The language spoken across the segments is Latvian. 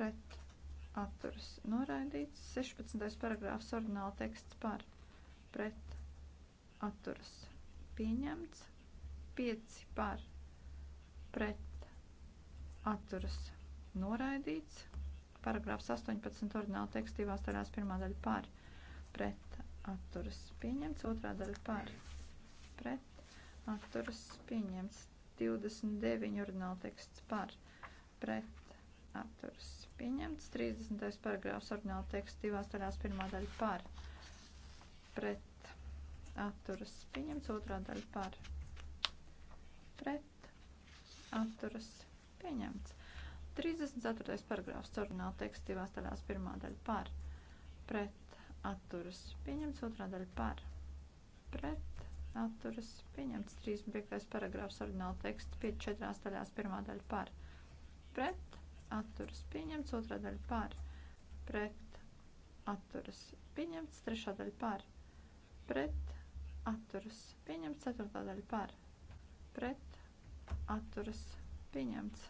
pret atturas noraidīts. 16. paragrāfs ordināla teksts par pret atturas pieņemts. 5 par pret atturas noraidīts. Paragrāfs 18. ordināla teksts divās daļās pirmā daļa par pret atturas pieņemts. Otrā daļa par pret atturas pieņemts. 29 ordināla teksts par pret atturas pieņemts. 30. paragrāfs orģināla teksta divās daļās pirmā daļa par pret atturas pieņemts. Otrā daļa par pret atturas pieņemts. 34. paragrāfs orģināla teksta divās daļās pirmā daļa par pret atturas pieņemts. Otrā daļa par pret atturas pieņemts. 35. paragrāfs orģināla teksta 5. 4. daļās pirmā daļa par pret atturas pieņemts, otrā daļa par pret atturas pieņemts, trešā daļa par pret atturas pieņemts, ceturtā daļa par pret atturas pieņemts.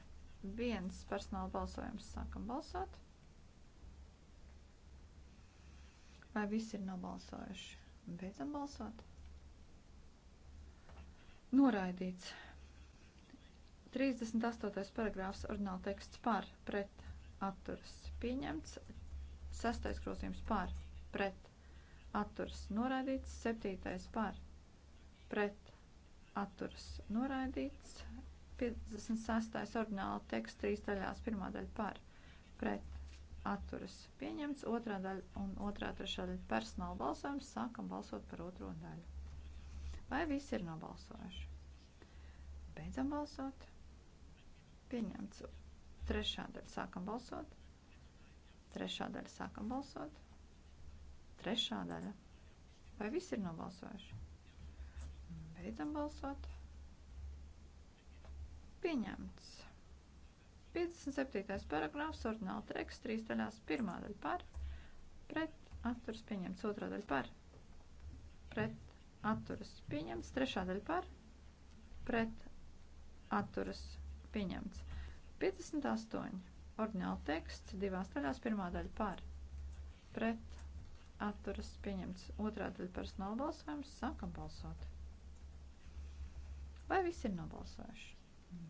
Viens personāla balsojums sākam balsot. Vai visi ir nobalsojuši? Beidzam balsot. Noraidīts. 38. paragrāfs ordināla teksts par pret atturas pieņemts. 6. grozījums par pret atturas noraidīts. 7. par pret atturas noraidīts. 56. ordināla teksts trīs daļās. Pirmā daļa par pret atturas pieņemts. Otrā daļa un otrā trešā daļa personāla balsojums. Sākam balsot par otro daļu. Vai visi ir nobalsojuši? Beidzam balsot. Pieņemts. Trešā daļa sākam balsot. Trešā daļa sākam balsot. Trešā daļa. Vai visi ir nobalsojuši? Beidzam balsot. Pieņemts. 57. paragrāfs, ordināla teksts, trīs daļās, pirmā daļa par, pret, atturas pieņemts, otrā daļa par, pret, atturas pieņemts, trešā daļa par, pret, atturas pieņemts pieņemts. 58. Orģināla teksts divās daļās. Pirmā daļa par, pret, atturas pieņemts. Otrā daļa personāla balsojums. Sākam balsot. Vai visi ir nobalsojuši?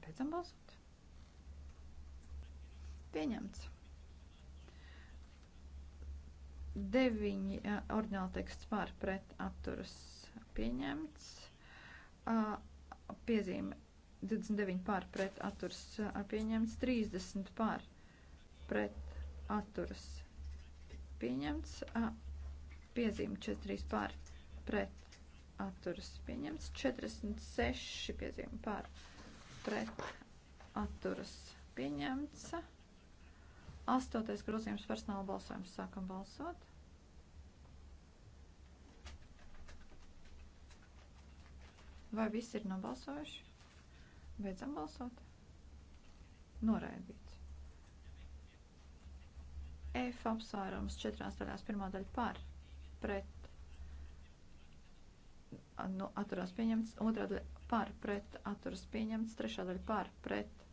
Beidzam balsot. Pieņemts. 9. Orģināla teksts par, pret, atturas pieņemts. Piezīme 29 pār pret atturas pieņemts, 30 pār pret atturas pieņemts, piezīme 43 pār pret atturas pieņemts, 46 piezīme pār pret atturas pieņemts. Astotais grozījums personāla balsojums sākam balsot. Vai visi ir nobalsojuši? Beidzam balsot. Noraidīts. F apsvērums četrās daļās pirmā daļa par, pret, nu, atturās pieņemts, otrā daļa par, pret, atturas pieņemts, trešā daļa par, pret,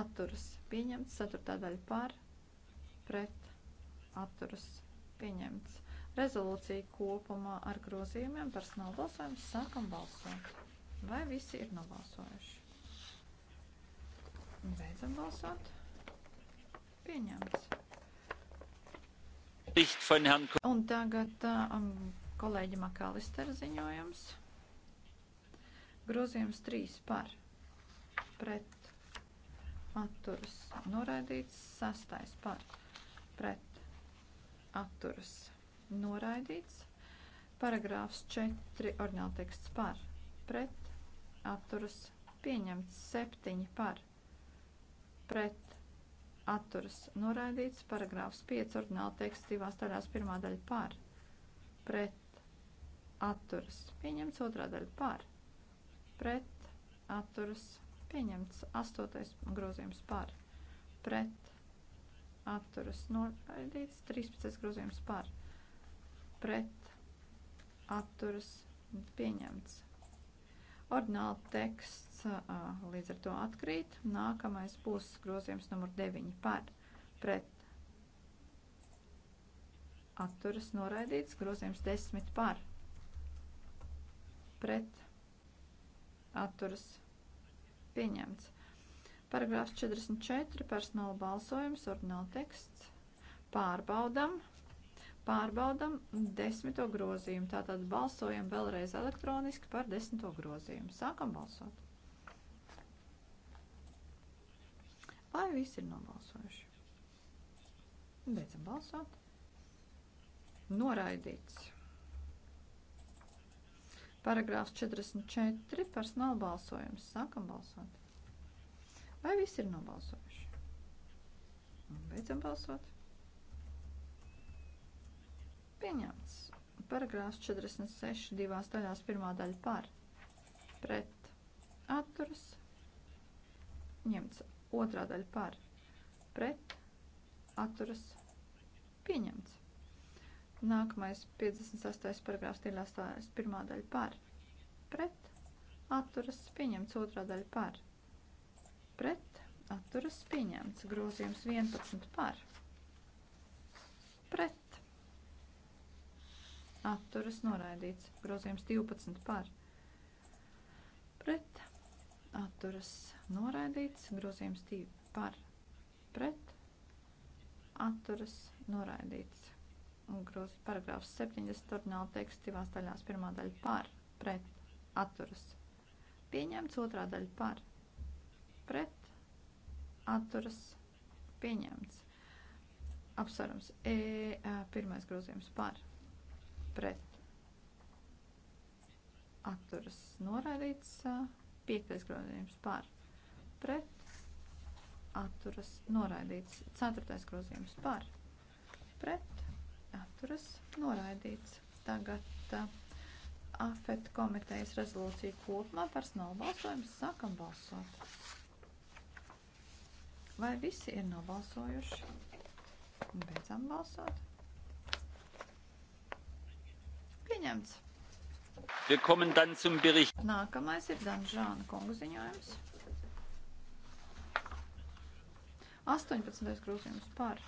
atturas pieņemts, ceturtā daļa par, pret, atturas pieņemts. Rezolūcija kopumā ar grozījumiem personāla balsojums sākam balsot. Vai visi ir nobalsojuši? Beidzam balsot. Pieņemts. Un tagad uh, um, kolēģi Makalister ziņojums. Grozījums 3 par pret atturas noraidīts, 6 par pret atturas noraidīts, paragrāfs 4 orģinālteksts par pret atturas pieņemts, 7 par pret atturas noraidīts, paragrāfs 5 ordināla teksts divās daļās pirmā daļa par, pret atturas pieņemts, otrā daļa par, pret atturas pieņemts, astotais grozījums par, pret atturas noraidīts, 13 grozījums par, pret atturas pieņemts. Ordināla teksts līdz ar to atkrīt. Nākamais būs grozījums numur 9 par pret atturas noraidīts. Grozījums 10 par pret atturas pieņemts. Paragrāfs 44 personāla balsojums, ordināla teksts. Pārbaudam. Pārbaudam desmito grozījumu. Tātad balsojam vēlreiz elektroniski par desmito grozījumu. Sākam balsot. Vai visi ir nobalsojuši? Beidzam balsot. Noraidīts. Paragrāfs 44. Personāla balsojums. Sākam balsot. Vai visi ir nobalsojuši? Beidzam balsot. Pieņemts. Paragrāfs 46 divās daļās pirmā daļa par pret atturas. Ņemts otrā daļa par pret atturas. Pieņemts. Nākamais 58. paragrāfs daļās daļās pirmā daļa par pret atturas. Pieņemts otrā daļa par pret atturas. Pieņemts grozījums 11 par pret atturas noraidīts. Grozījums 12 par pret atturas noraidīts. Grozījums 2 par pret atturas noraidīts. Groz, paragrāfs 70 ordināla teksts divās daļās. Pirmā daļa par pret atturas. Pieņemts otrā daļa par pret atturas pieņemts. Apsvarums E, pirmais grozījums par pret pret atturas noraidīts, piektais grozījums par pret atturas noraidīts, ceturtais grozījums par pret atturas noraidīts. Tagad uh, AFET komitejas rezolūcija kopumā personāla balsojums sākam balsot. Vai visi ir nobalsojuši? Beidzam balsot pieņemts. Nākamais ir Danžāna kungu ziņojums. 18. grozījums par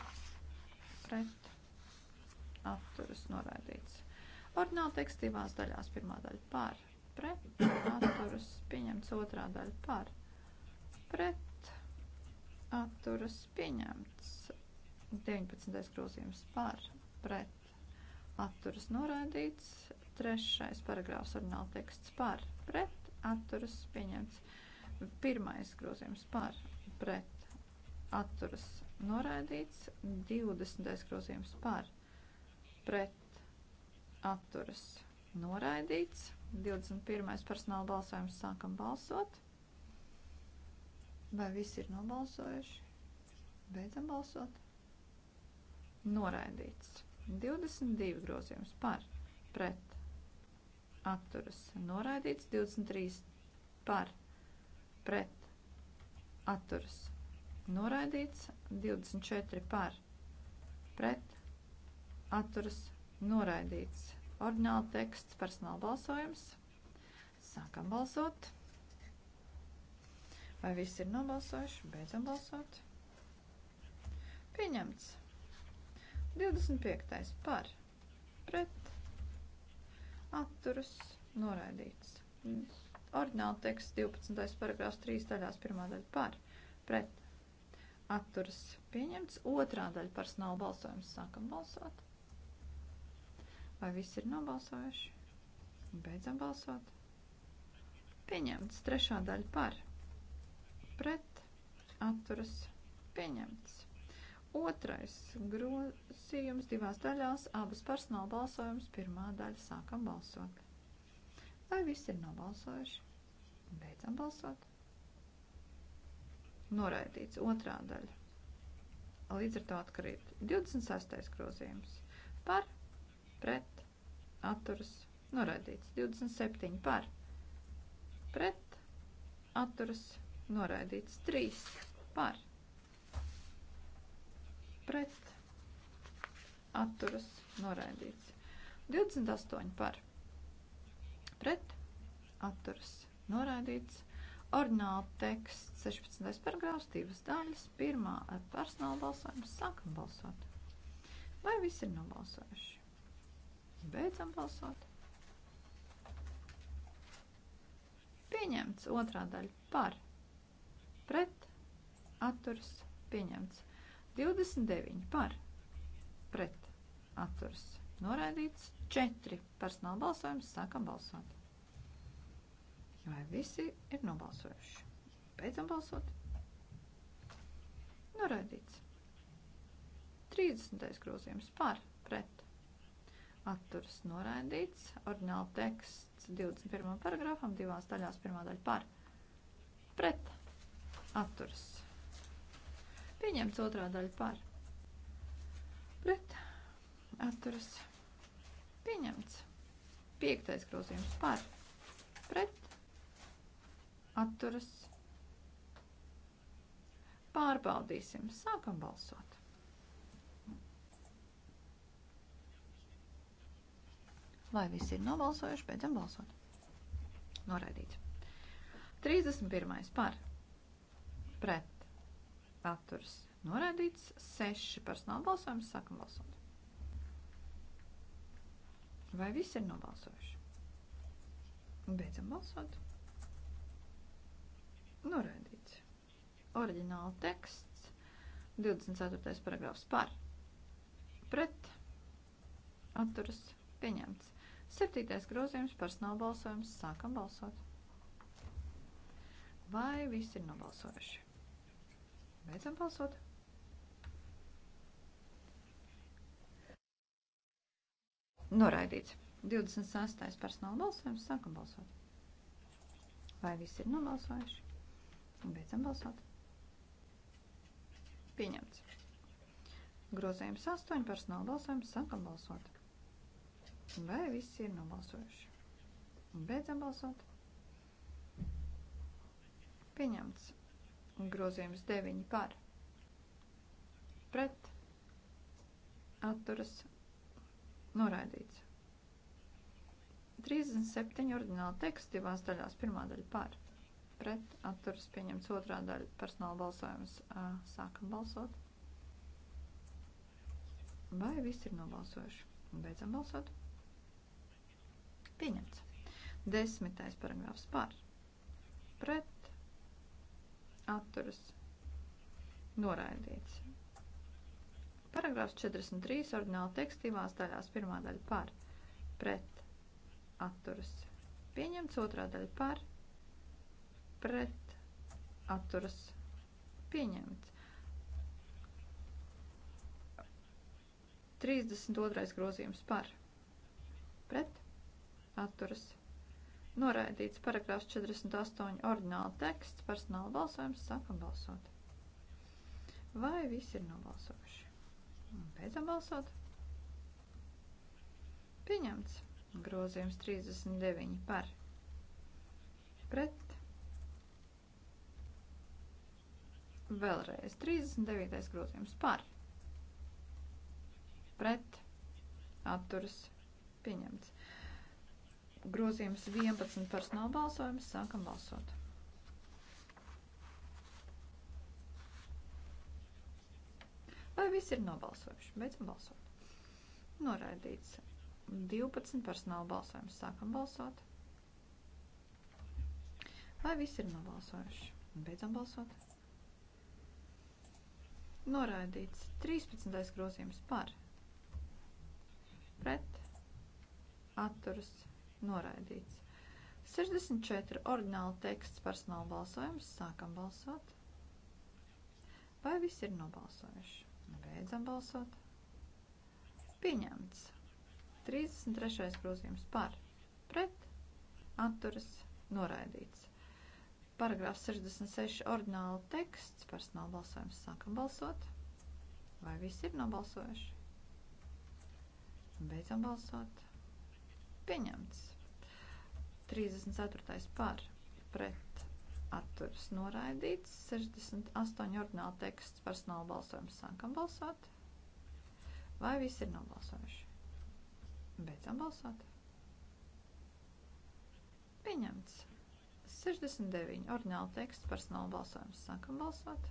pret atturas norādīts. Ordināli teksts divās daļās. Pirmā daļa par pret atturas pieņemts. Otrā daļa par pret atturas pieņemts. 19. grozījums par pret atturas noraidīts, trešais paragrāfs orināla teksts par, pret, atturas pieņemts, pirmais grozījums par, pret, atturas noraidīts, 20. grozījums par, pret, atturas noraidīts, 21. personāla balsojums sākam balsot. Vai visi ir nobalsojuši? Beidzam balsot. Noraidīts. 22 grozījums par, pret, atturas, noraidīts 23 par, pret, atturas, noraidīts 24 par, pret, atturas, noraidīts. Ordināla teksts personāla balsojums. Sākam balsot. Vai viss ir nobalsojuši? Beidzam balsot. Pieņemts. 25. par pret atturas noraidīts. Ordināla teksts 12. paragrāfs 3 daļās pirmā daļa par pret atturas pieņemts. Otrā daļa personāla balsojums sākam balsot. Vai visi ir nobalsojuši? Beidzam balsot. Pieņemts. Trešā daļa par pret atturas pieņemts. Otrais grozījums divās daļās, abas personāla balsojums, pirmā daļa sākam balsot. Vai visi ir nobalsojuši? Beidzam balsot. Noraidīts otrā daļa. Līdz ar to atkarīt 26. grozījums par, pret, atturas, noraidīts 27 par, pret, atturas, noraidīts 3 par pret atturas noraidīts. 28 par pret atturas noraidīts. Orģināla teksts 16. paragrāfs, divas daļas, pirmā ar personālu balsojumu, sākam balsot. Vai visi ir nobalsojuši? Beidzam balsot. Pieņemts otrā daļa par pret atturas pieņemts. 29 par pret atturas noraidīts. 4 personāla balsojums. Sākam balsot. Vai visi ir nobalsojuši? Beidzam balsot. Noraidīts. 30. grozījums par pret atturas noraidīts. Ordināla teksts 21. paragrāfam divās daļās. Pirmā daļa par pret atturas Pieņemts otrā daļa par. Pret. Atturas. Pieņemts. Piektais grozījums par. Pret. Atturas. Pārbaudīsim. Sākam balsot. Lai visi ir nobalsojuši, beidzam balsot. Noraidīts. 31. par. Pret atturas noraidīts. 6 personāla balsojums. Sākam balsot. Vai visi ir nobalsojuši? Beidzam balsot. Noraidīts. Oriģināla teksts. 24. paragrāfs par. Pret. Atturas. Pieņemts. Septītais grozījums. Personāla balsojums. Sākam balsot. Vai visi ir nobalsojuši? Beidzam balsot. Noraidīts. 26. personāla balsojums. Sākam balsot. Vai visi ir nobalsojuši? Beidzam balsot. Pieņemts. Grozījums 8. Personāla balsojums. Sākam balsot. Vai visi ir nobalsojuši? Beidzam balsot. Pieņemts. Grozījums 9 par. Pret. Atturas. Noraidīts. 37 ordināla teksts divās daļās. Pirmā daļa par. Pret. Atturas pieņemts otrā daļa. Personāla balsojums. Sākam balsot. Vai viss ir nobalsojuši? Beidzam balsot. Pieņemts. Desmitais paragrāfs par. Pret atturas noraidīts. Paragrāfs 43 ordināli tekstīvās daļās pirmā daļa par pret atturas. Pieņemts otrā daļa par pret atturas. Pieņemts. 32. grozījums par pret atturas. Noraidīts paragrāfs 48 ordināla teksts, personāla balsojums, sākam balsot. Vai visi ir nobalsojuši? Beidzam balsot. Pieņemts. Grozījums 39 par. Pret. Vēlreiz 39. grozījums par. Pret. Atturas. Pieņemts. Grozījums 11 personāla balsojums. Sākam balsot. Vai visi ir nobalsojuši? Beidzam balsot. Noraidīts. 12 personāla balsojums. Sākam balsot. Vai visi ir nobalsojuši? Beidzam balsot. Noraidīts. 13. grozījums par. Pret. Atturas noraidīts. 64. Ordināla teksts personāla balsojums. Sākam balsot. Vai visi ir nobalsojuši? Beidzam balsot. Pieņemts. 33. grozījums par. Pret. Atturas. Noraidīts. Paragrāfs 66. Ordināla teksts personāla balsojums. Sākam balsot. Vai visi ir nobalsojuši? Beidzam balsot. Pieņemts. 34. par pret atturas noraidīts. 68. ordināla teksts personāla balsojums. Sākam balsot. Vai visi ir nobalsojuši? Beidzam balsot. Pieņemts. 69. Ordināla teksts personāla balsojums. Sākam balsot.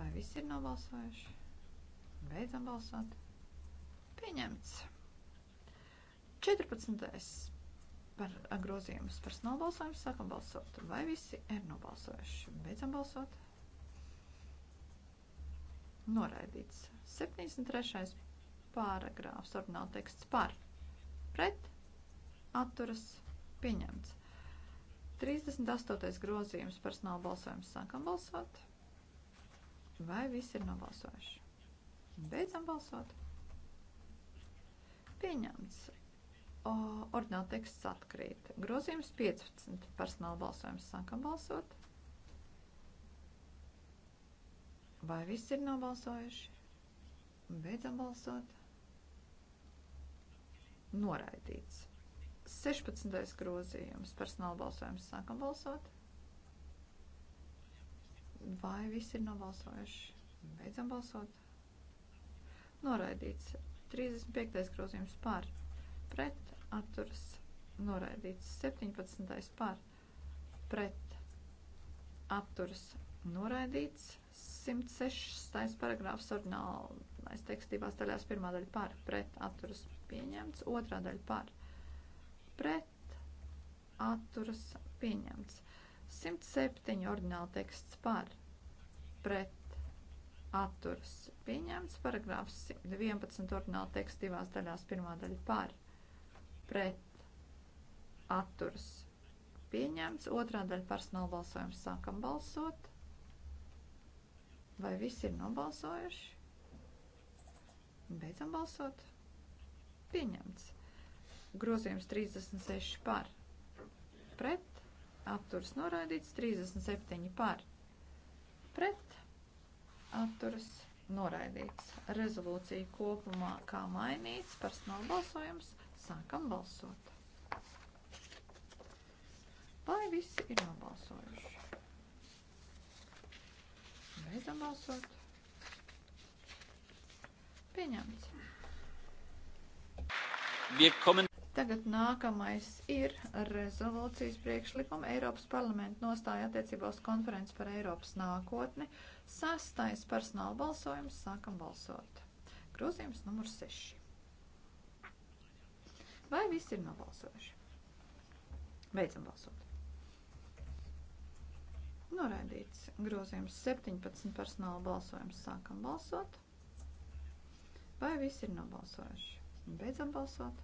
Vai visi ir nobalsojuši? Beidzam balsot. Pieņemts. 14. par grozījumus personāla balsojumu sākam balsot. Vai visi ir nobalsojuši? Beidzam balsot. Noraidīts. 73. pāragrāfs, ordināla teksts par, pret, atturas, pieņemts. 38. grozījums personāla balsojums sākam balsot. Vai visi ir nobalsojuši? Beidzam balsot. Pieņemts. Ordināla teksts atkrīt. Grozījums 15. Personāla balsojums. Sākam balsot. Vai viss ir nobalsojuši? Beidzam balsot. Noraidīts. 16. grozījums. Personāla balsojums. Sākam balsot. Vai viss ir nobalsojuši? Beidzam balsot. Noraidīts. 35. grozījums par pret atturas noraidīts. 17. par pret atturas noraidīts. 106. paragrāfs ordinālais teksts divās daļās. Pirmā daļa par pret atturas pieņemts, otrā daļa par pret atturas pieņemts. 107. ordināla teksts par pret atturas pieņemts, paragrāfs 11. ordināla teksts divās daļās. Pirmā daļa par pret pret atturas pieņemts. Otrā daļa personāla balsojums sākam balsot. Vai visi ir nobalsojuši? Beidzam balsot. Pieņemts. Grozījums 36 par. Pret. Atturas noraidīts. 37 par. Pret. Atturas noraidīts. Rezolūcija kopumā kā mainīts. Personāla balsojums. Sākam balsot. Vai visi ir nobalsojuši? Beidzam balsot. Pieņemts. Tagad nākamais ir rezolūcijas priekšlikuma Eiropas parlamenta nostāja attiecībā uz konferenci par Eiropas nākotni. Sastais personāla balsojums sākam balsot. Grozījums numur 6. Vai viss ir nobalsojuši? Beidzam balsot. Noraidīts grozījums 17 personāla balsojums. Sākam balsot. Vai viss ir nobalsojuši? Beidzam balsot.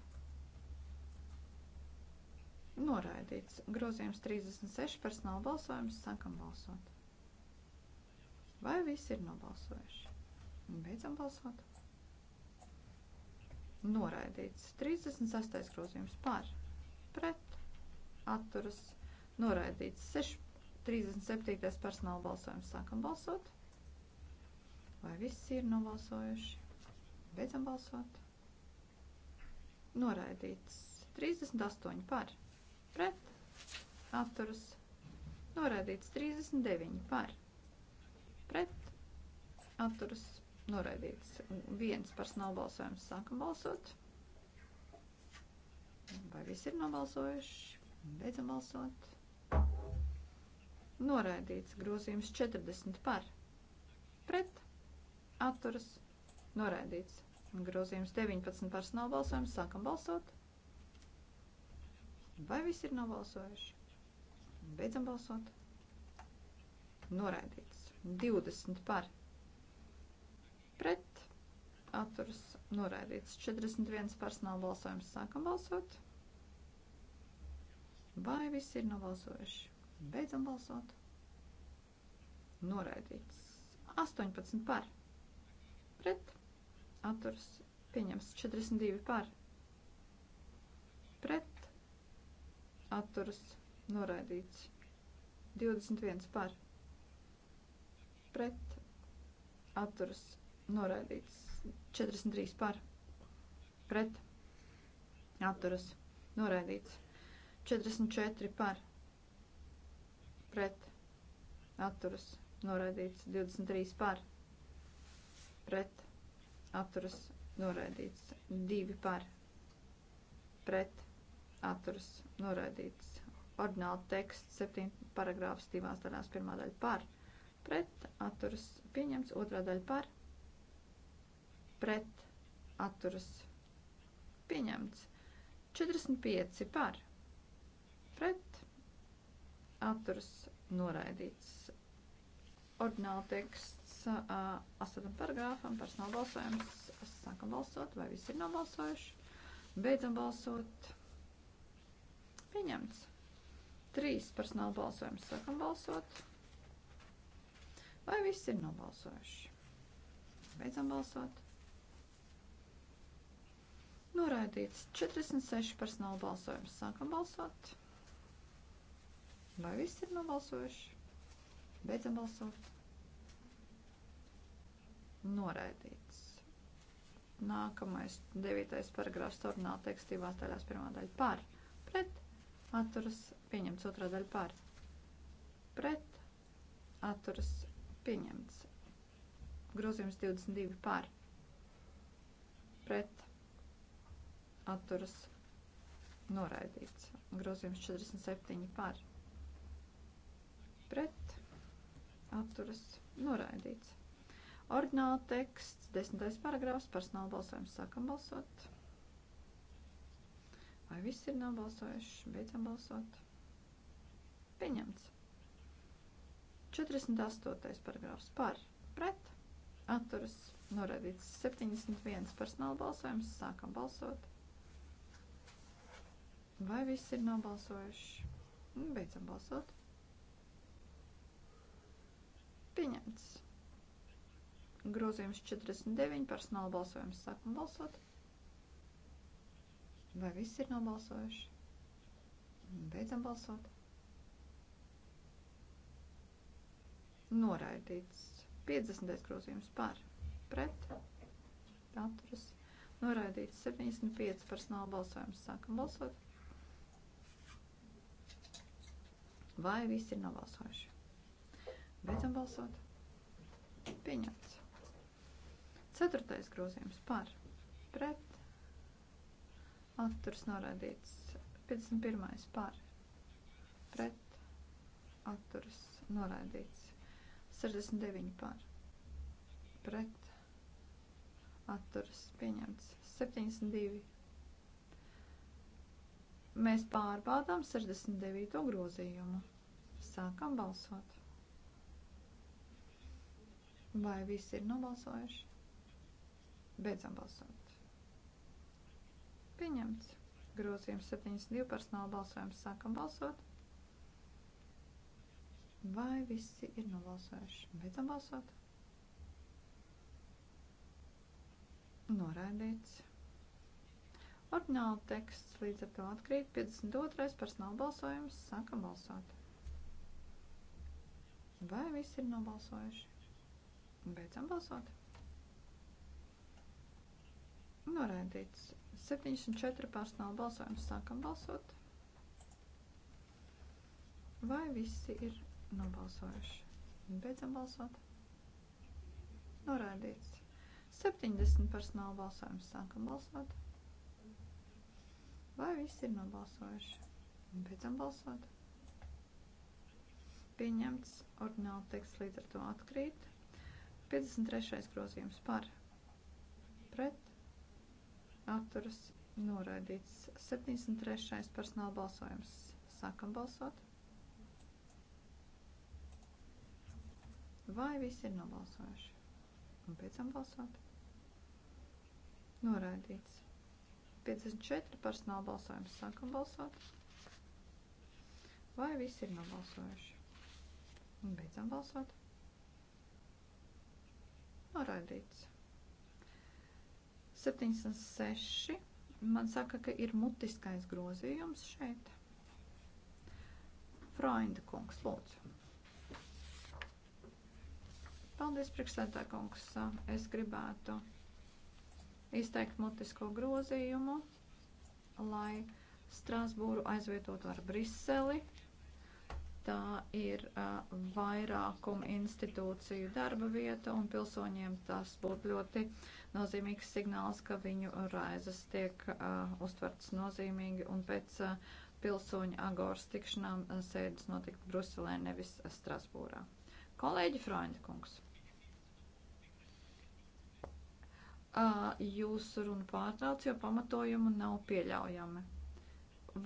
Noraidīts grozījums 36 personāla balsojums. Sākam balsot. Vai viss ir nobalsojuši? Beidzam balsot noraidīts. 36. grozījums par, pret, atturas, noraidīts. 6, 37. personāla balsojums sākam balsot. Vai viss ir nobalsojuši? Beidzam balsot. Noraidīts. 38 par, pret, atturas, noraidīts. 39 par, pret, atturas, Noraidīts. Viens personāla balsojums. Sākam balsot. Vai visi ir nobalsojuši? Beidzam balsot. Noraidīts. Grozījums 40 par. Pret. Atturas. Noraidīts. Grozījums 19 personāla balsojums. Sākam balsot. Vai visi ir nobalsojuši? Beidzam balsot. Noraidīts. 20 par. Pret pret atturas noraidīts. 41 personāla balsojums sākam balsot. Vai visi ir nobalsojuši? Beidzam balsot. Noraidīts. 18 par. Pret. Atturas pieņems. 42 par. Pret. Atturas noraidīts. 21 par. Pret. Atturas Noraidīts 43 par. Pret. Atturas. Noraidīts 44 par. Pret. Atturas. Noraidīts 23 par. Pret. Atturas. Noraidīts 2 par. Pret. Atturas. Noraidīts. Ordināli teksts 7 paragrāfs divās daļās. Pirmā daļa par. Pret. Atturas. Pieņemts. Otrā daļa par pret atturas pieņemts. 45 par pret atturas noraidīts. Ordināla teksts uh, 8 paragrāfam, personāla balsojums. Sākam balsot, vai visi ir nobalsojuši. Beidzam balsot. Pieņemts. Trīs personāla balsojums. Sākam balsot. Vai visi ir nobalsojuši? Beidzam balsot. Noraidīts 46 personāla balsojums. Sākam balsot. Vai viss ir nobalsojuši? Beidzam balsot. Noraidīts. Nākamais devītais paragrāfs tornāla tekstīvās daļās pirmā daļa par. Pret atturas pieņemts otrā daļa par. Pret atturas pieņemts. Grozījums 22 par. Pret atturas noraidīts. Grozījums 47 par pret atturas noraidīts. Orģināla teksts, desmitais paragrāfs, personāla balsojums sākam balsot. Vai viss ir nobalsojuši? Beidzam balsot. Pieņemts. 48. paragrāfs par pret atturas noraidīts. 71 personāla balsojums sākam balsot. Vai viss ir nobalsojuši? Nu, beidzam balsot. Pieņemts. Grozījums 49, personāla balsojums sākam balsot. Vai viss ir nobalsojuši? Beidzam balsot. Noraidīts. 50. grozījums par. Pret. Atturas. Noraidīts 75 personāla balsojums. Sākam balsot. Vai visi ir nobalsojuši? Beidzam balsot. Pieņemts. Ceturtais grozījums par pret. Atturs noraidīts. 51. par pret. Atturs noraidīts. 69 par pret. Atturs pieņemts. 72 Mēs pārbaudām 69. grozījumu. Sākam balsot. Vai visi ir nobalsojuši? Beidzam balsot. Pieņemts. Grozījums 72 personāla balsojums. Sākam balsot. Vai visi ir nobalsojuši? Beidzam balsot. Noraidīts. Ordināla teksts līdz ar to atkrīt. 52. personāla balsojums. Sākam balsot. Vai visi ir nobalsojuši? Beidzam balsot. Norēdīts. 74 personāla balsojums. Sākam balsot. Vai visi ir nobalsojuši? Beidzam balsot. Norēdīts. 70 personāla balsojums. Sākam balsot. Vai viss ir nobalsojuši? Un pēc tam balsot. Pieņemts ordināli teksts līdz ar to atkrīt. 53. grozījums par pret atturas noraidīts. 73. personāla balsojums. Sākam balsot. Vai visi ir nobalsojuši? Un pēc tam balsot. Noraidīts. 54 personāla balsojums. Sākam balsot. Vai visi ir nobalsojuši? Un beidzam balsot. Noraidīts. 76. Man saka, ka ir mutiskais grozījums šeit. Freunde kungs, lūdzu. Paldies, priekšsētā kungs. Es gribētu izteikt mutisko grozījumu, lai Strasbūru aizvietotu ar Briseli. Tā ir uh, vairākuma institūciju darba vieta, un pilsoņiem tas būtu ļoti nozīmīgs signāls, ka viņu raizes tiek uh, uztvertas nozīmīgi, un pēc uh, pilsoņu agoras tikšanām uh, sēdes notikt Bruselē, nevis Strasbūrā. Kolēģi Freundkungs. jūsu runu pārtrauc, jo pamatojumu nav pieļaujami.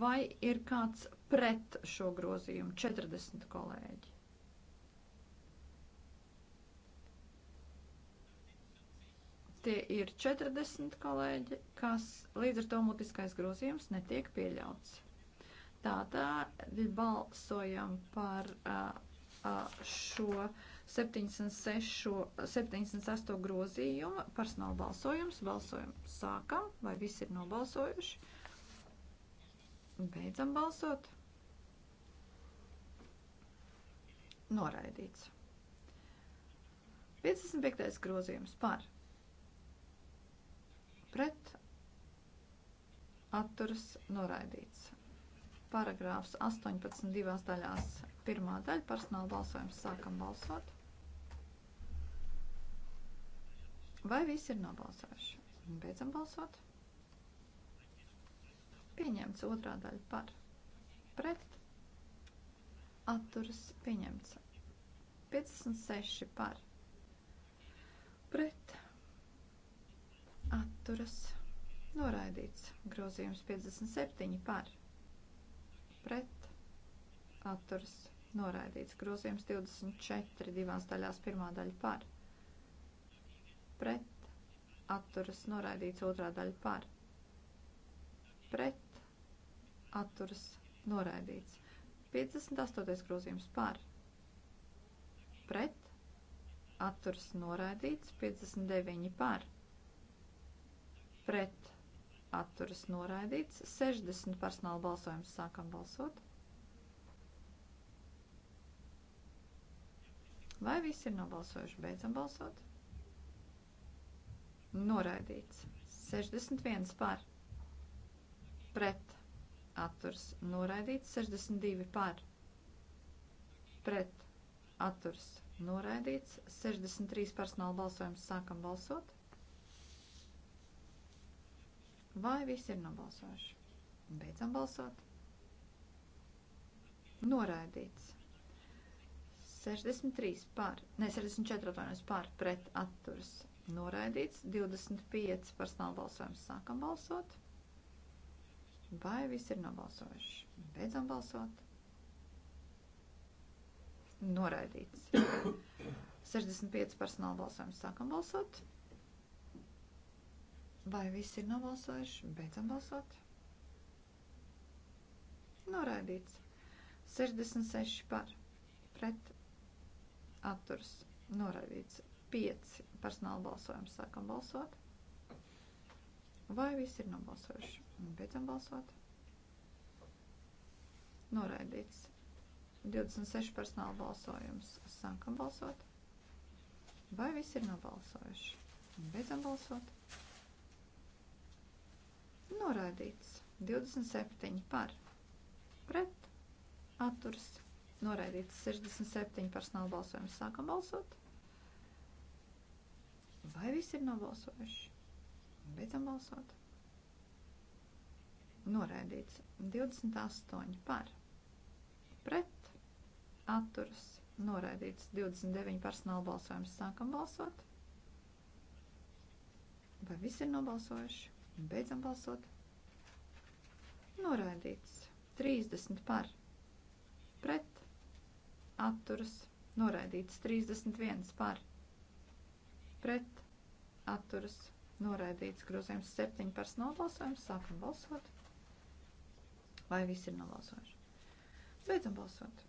Vai ir kāds pret šo grozījumu? 40 kolēģi. Tie ir 40 kolēģi, kas līdz ar to mutiskais grozījums netiek pieļauts. Tātad balsojam par uh, uh, šo uh, 76, 78 grozījumu. Personāla balsojums. Balsojumu sākam. Vai visi ir nobalsojuši? Beidzam balsot. Noraidīts. 55. grozījums par pret atturas noraidīts. Paragrāfs 18 divās daļās. Pirmā daļa personāla balsojums sākam balsot. Vai visi ir nobalsojuši? Beidzam balsot. Pieņemts otrā daļa par. Pret. Atturas pieņemts. 56 par. Pret. Atturas noraidīts. Grozījums 57 par. Pret. Atturas noraidīts. Grozījums 24 divās daļās pirmā daļa par pret, atturas noraidīts otrā daļa par, pret, atturas noraidīts. 58. grozījums par, pret, atturas noraidīts, 59 par, pret, atturas noraidīts, 60 personāla balsojums sākam balsot. Vai visi ir nobalsojuši? Beidzam balsot noraidīts. 61 par, pret, atturs, noraidīts. 62 par, pret, atturs, noraidīts. 63 personāla balsojums, sākam balsot. Vai visi ir nobalsojuši? Beidzam balsot. Noraidīts. 63 par, ne, 64 atvainojas par, pret, atturs, Noraidīts 25 personāla balsojums. Sākam balsot. Vai viss ir nobalsojuši? Beidzam balsot. Noraidīts. 65 personāla balsojums. Sākam balsot. Vai viss ir nobalsojuši? Beidzam balsot. Noraidīts. 66 par. Pret. Atturs. Noraidīts. 5. Personāla balsojums. Sākam balsot. Vai visi ir nobalsojuši? Beidzam balsot. Noraidīts. 26 personāla balsojums. Sākam balsot. Vai visi ir nobalsojuši? Beidzam balsot. Noraidīts. 27 par. Pret. Atturs. Noraidīts. 67 personāla balsojums. Sākam balsot. Vai visi ir nobalsojuši? Beidzam balsot. Noraidīts 28 par. Pret atturas noraidīts 29 personāla balsojums. Sākam balsot. Vai visi ir nobalsojuši? Beidzam balsot. Noraidīts 30 par. Pret atturas noraidīts 31 par pret atturas noraidīts grozījums 7 personāla balsojums. Sākam balsot. Vai visi ir nobalsojuši? Beidzam balsot.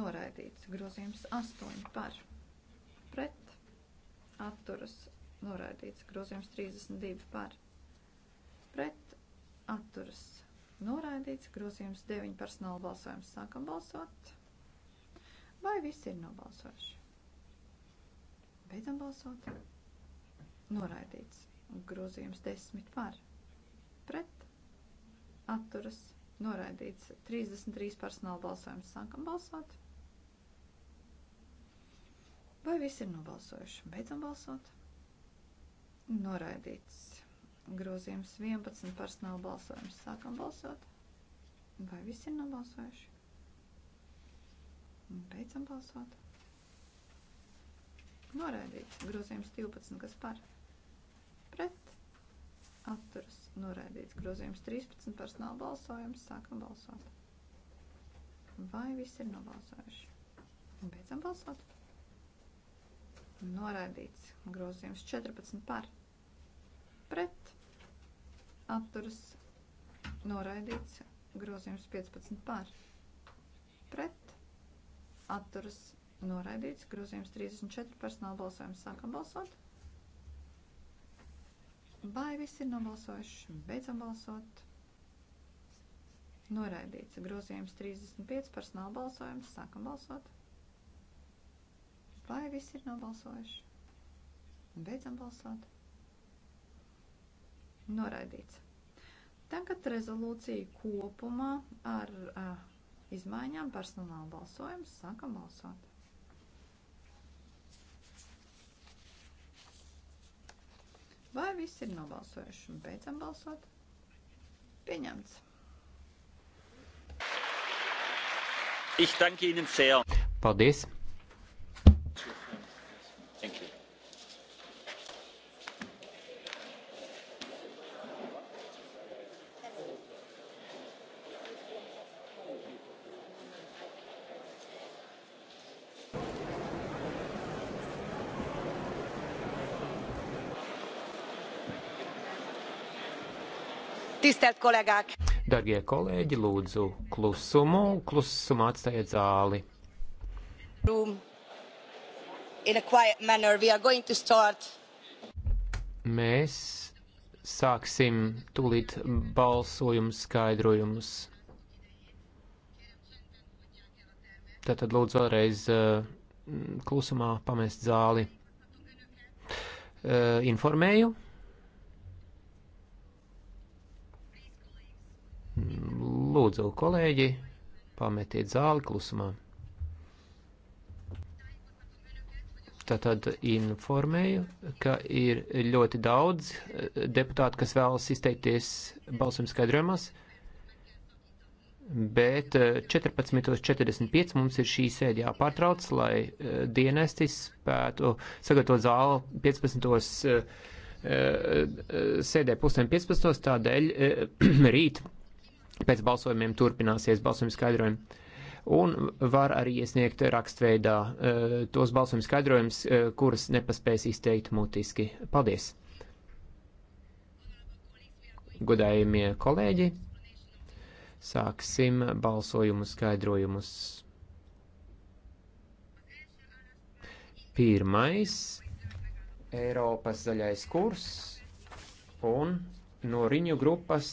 Noraidīts grozījums 8 par pret atturas noraidīts grozījums 32 par pret atturas noraidīts grozījums 9 personāla balsojums. Sākam balsot. Vai visi ir nobalsojuši? Beidzam balsot. Noraidīts. Grozījums 10 par. Pret. Atturas. Noraidīts. 33 personāla balsojums. Sākam balsot. Vai visi ir nobalsojuši? Beidzam balsot. Noraidīts. Grozījums 11 personāla balsojums. Sākam balsot. Vai visi ir nobalsojuši? Beidzam balsot noraidīts. Grozījums 12, kas par pret atturas noraidīts. Grozījums 13, personāla balsojums, sākam balsot. Vai visi ir nobalsojuši? Beidzam balsot. Noraidīts. Grozījums 14 par pret atturas noraidīts. Grozījums 15 par pret atturas noraidīts Noraidīts. Grozījums 34. Personāla balsojums. Sākam balsot. Vai visi ir nobalsojuši? Beidzam balsot. Noraidīts. Grozījums 35. Personāla balsojums. Sākam balsot. Vai visi ir nobalsojuši? Beidzam balsot. Noraidīts. Tagad rezolūcija kopumā ar uh, izmaiņām personāla balsojums sākam balsot. Vai viss ir nobalsojuši un beidzam balsot? Pieņemts. Ich danke Ihnen sehr. Paldies! Tisztelt kollégák! Darbie kolēģi, lūdzu, klusumu, klusumu atstājiet zāli. Room. In a quiet manner, we are going to start. Mēs sāksim tūlīt balsojumu skaidrojumus. Tātad lūdzu vēlreiz uh, klusumā pamest zāli. Uh, informēju, Lūdzu, kolēģi, pametiet zāli klusumā. Tātad informēju, ka ir ļoti daudz eh, deputātu, kas vēlas izteikties balsojuma skaidrojumos, bet 14.45 eh, mums ir šī sēde jāpārtrauc, lai eh, dienestis spētu sagatavot zāli 15. sēdē pusēm 15. tādēļ rīt. Pēc balsojumiem turpināsies balsojuma skaidrojumi. Un var arī iesniegt rakstveidā uh, tos balsojuma skaidrojumus, uh, eh, kurus nepaspēs izteikt mutiski. Paldies! Godājumie kolēģi, sāksim balsojumu skaidrojumus. Pirmais - Eiropas zaļais kurs un no riņu grupas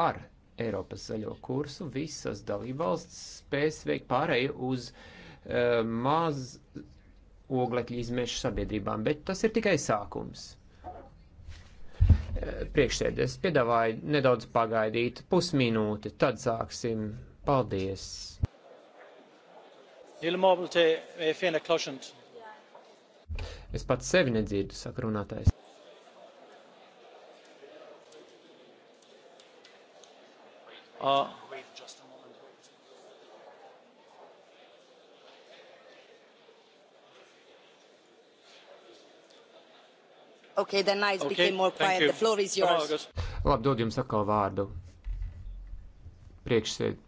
ar Eiropas zaļo kursu visas dalībvalsts spēs veikt pārēju uz uh, maz oglekļu izmešu sabiedrībām, bet tas ir tikai sākums. Eh, Priekšsēdēs piedāvāju nedaudz pagaidīt pusminūti, tad sāksim. Paldies! Uh, es pats sevi nedzirdu, saka runātājs. Uh, Okay, then I okay, became more quiet. The floor is yours. Labi, dod jums atkal vārdu. Priekšsēd.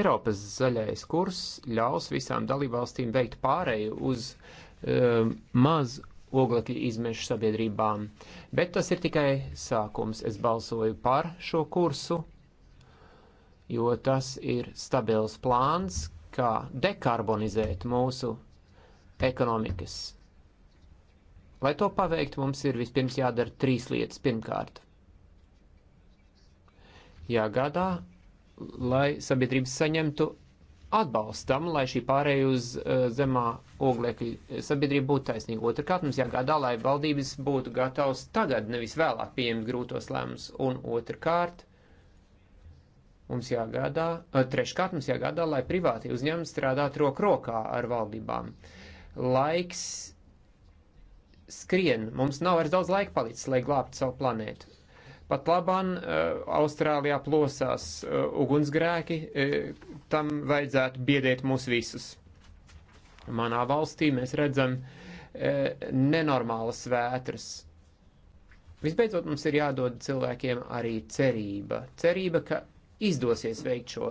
Eiropas zaļais kurs ļaus visām dalībvalstīm veikt pārēju uz um, maz oglekļa izmešu sabiedrībām, bet tas ir tikai sākums. Es balsoju par šo kursu jo tas ir stabils plāns, kā dekarbonizēt mūsu ekonomikas. Lai to paveiktu, mums ir vispirms jādara trīs lietas. Pirmkārt, jāgādā, lai sabiedrības saņemtu atbalstam, lai šī pārēja uz uh, zemā oglekļa sabiedrība būtu taisnīga. Otrakārt, mums jāgādā, lai valdības būtu gatavs tagad, nevis vēlāk pieņemt grūtos lēmumus. Un otrkārt, uh, Mums jāgādā, eh, treškārt mums jāgādā, lai privāti uzņēmumi strādātu roku rokā ar valdībām. Laiks skrien, mums nav vairs daudz laika palicis, lai glābtu savu planētu. Pat labāk, uh, eh, Austrālijā plosās uh, ugunsgrēki, uh, tam vajadzētu biedēt mūs visus. Manā valstī mēs redzam uh, nenormālas vētras. Visbeidzot, mums ir jādod cilvēkiem arī cerība. Cerība, ka izdosies veikt šo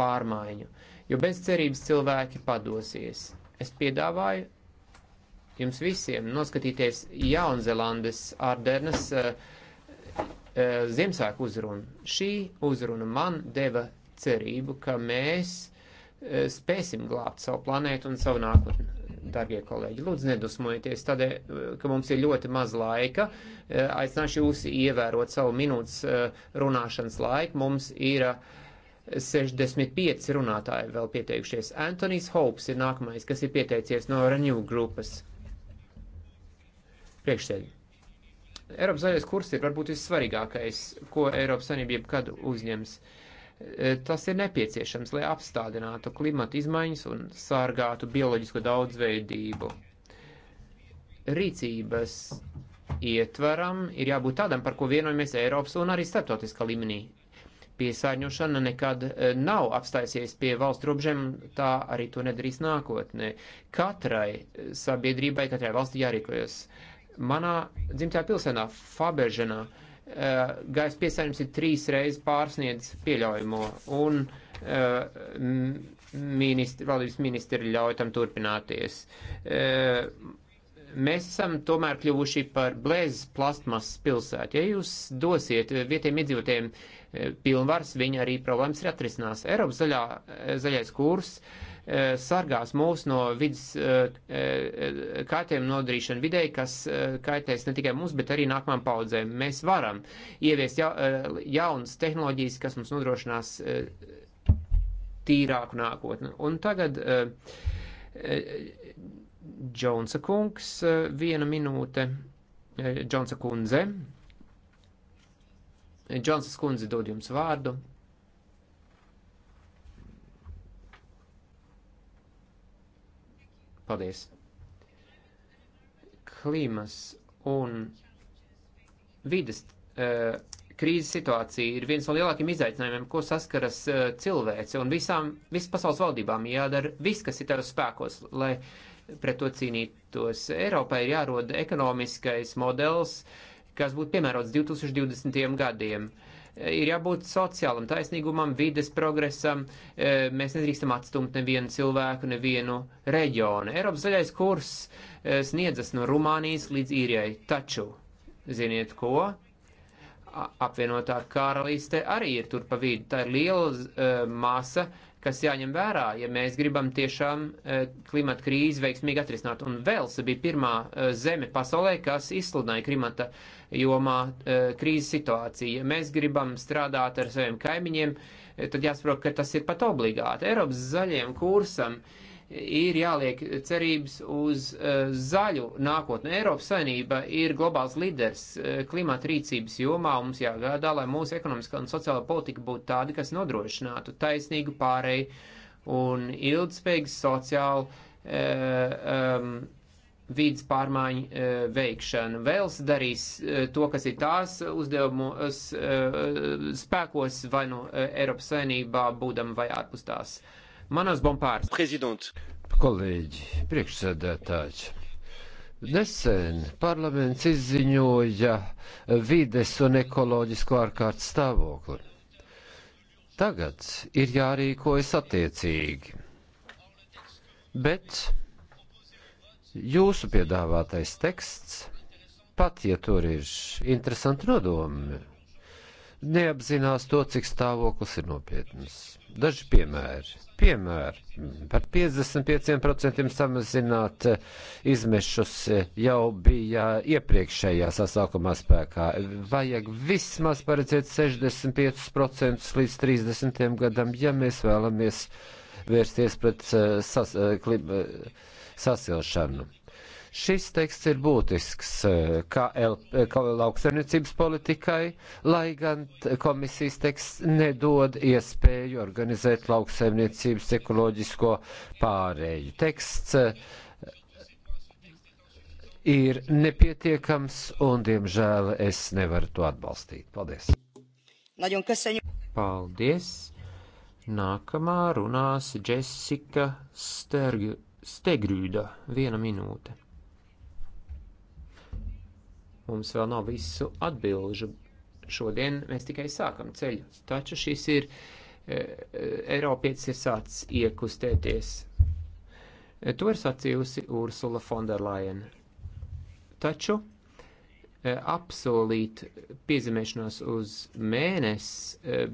pārmaiņu, jo bez cerības cilvēki padosies. Es piedāvāju jums visiem noskatīties Jaunzelandes ārdernas uh, eh, uh, eh, Ziemassvētku uzrunu. Šī uzruna man deva cerību, ka mēs uh, spēsim glābt savu planētu un savu nākotni darbie kolēģi. Lūdzu, nedusmojieties, tādēļ, ka mums ir ļoti maz laika. Eh, aicināšu jūs ievērot savu minūtes eh, runāšanas laiku. Mums ir 65 eh, runātāji vēl pieteikušies. Antonijs Hopes ir nākamais, kas ir pieteicies no Renew grupas. Priekšsēdi. Eiropas zaļais kurs ir varbūt vissvarīgākais, ko Eiropas Sanība jebkad uzņems. Uh, E, tas ir nepieciešams, lai apstādinātu klimatu izmaiņas un sārgātu bioloģisko daudzveidību. Rīcības ietvaram ir jābūt tādam, par ko vienojamies Eiropas un arī starptautiskā līmenī. Piesārņošana nekad e, nav apstājusies pie valsts robežiem, tā arī to nedarīs nākotnē. Katrai e, sabiedrībai, katrai valstī jārīkojas. Manā dzimtajā pilsēnā, Faberženā, uh, Eh, gaisa piesārņojums ir trīs reizes pārsniedz pieļaujamo, un eh, ministri, valdības ministri ļauj tam turpināties. Eh, mēs esam tomēr kļuvuši par blēzes plastmasas pilsētu. Ja jūs dosiet vietiem iedzīvotiem pilnvars, viņi arī problēmas ir atrisinās. Eiropas zaļā, zaļais kurs uh, E, sargās mūs no vidas e, e, kaitējuma nodarīšana videi, kas kaitēs ne tikai mums, bet arī nākamām paudzēm. Mēs varam ieviest ja, jaunas tehnoloģijas, kas mums nodrošinās tīrāku nākotni. Un tagad Džonsa kungs, viena minūte, Džonsa kundze. Džonsas kundze dod jums vārdu. Paldies! Klimas un vidas uh, eh, krīzes situācija ir viens no lielākiem izaicinājumiem, ko saskaras uh, cilvēce un visām, visas pasaules valdībām jādara viss, kas ir tavs spēkos, lai pret to cīnītos. Eiropai ir jārod ekonomiskais modelis, kas būtu piemērots 2020. gadiem. Uh, ir jābūt sociālam taisnīgumam, vides progresam. E, mēs nedrīkstam atstumt nevienu cilvēku, nevienu reģionu. Eiropas zaļais kurs e, sniedzas no Rumānijas līdz īrijai. Taču, ziniet ko? Apvienotā karalīste arī ir tur pa vidu. Tā ir liela uh, māsa, uh, kas jāņem vērā, ja mēs gribam tiešām eh, klimata krīzi veiksmīgi atrisināt. Un Velsa bija pirmā eh, zeme pasaulē, kas izsludināja klimata jomā eh, krīzes situāciju. Ja mēs gribam strādāt ar saviem kaimiņiem, tad jāsaprot, ka tas ir pat obligāti. Eiropas zaļiem kursam uh, ir jāliek cerības uz uh, zaļu nākotni. Eiropas saimnība ir globāls līders uh, eh, klimata rīcības jomā, un mums jāgādā, lai mūsu ekonomiskā un sociālā politika būtu tāda, kas nodrošinātu taisnīgu pārēju un ilgspējīgu sociālu uh, eh, um, vīdes pārmaiņu uh, veikšanu. Vēls darīs uh, to, kas ir tās uzdevumus uh, spēkos vai nu no, uh, Eiropas saimnībā būdam vai ārpus tās. Uh, Manas Bompārs. Prezidents. Kolēģi, priekšsēdētāji. Nesen parlaments izziņoja vides un ekoloģisko ārkārtas stāvokli. Tagad ir jārīkojas attiecīgi. Bet jūsu piedāvātais teksts, pat ja tur ir interesanti nodomi, neapzinās to, cik stāvoklis ir nopietns. Daži piemēri. Piemēri par 55% samazināt eh, izmešus eh, jau bija iepriekšējā sasaukumā spēkā. Vajag vismaz paredzēt 65% līdz 30. gadam, ja mēs vēlamies vērsties pret eh, sas, klima, sasilšanu. Šis teksts ir būtisks eh, kā, el, kā lauksaimniecības politikai, lai gan komisijas teksts nedod iespēju organizēt lauksaimniecības ekoloģisko pārēju. Teksts eh, ir nepietiekams, un, diemžēl, es nevaru to atbalstīt. Paldies! Paldies! Nākamā runās Jessica Sterg Stegrūda. Viena minūte. Mums vēl nav visu atbilžu. Šodien mēs tikai sākam ceļu, taču šis ir, e, e, Eiropietis ir sācis iekustēties. E, to ir sacījusi Ursula Fonderlajen. Taču apsolīt piezīmēšanos uz mēnesi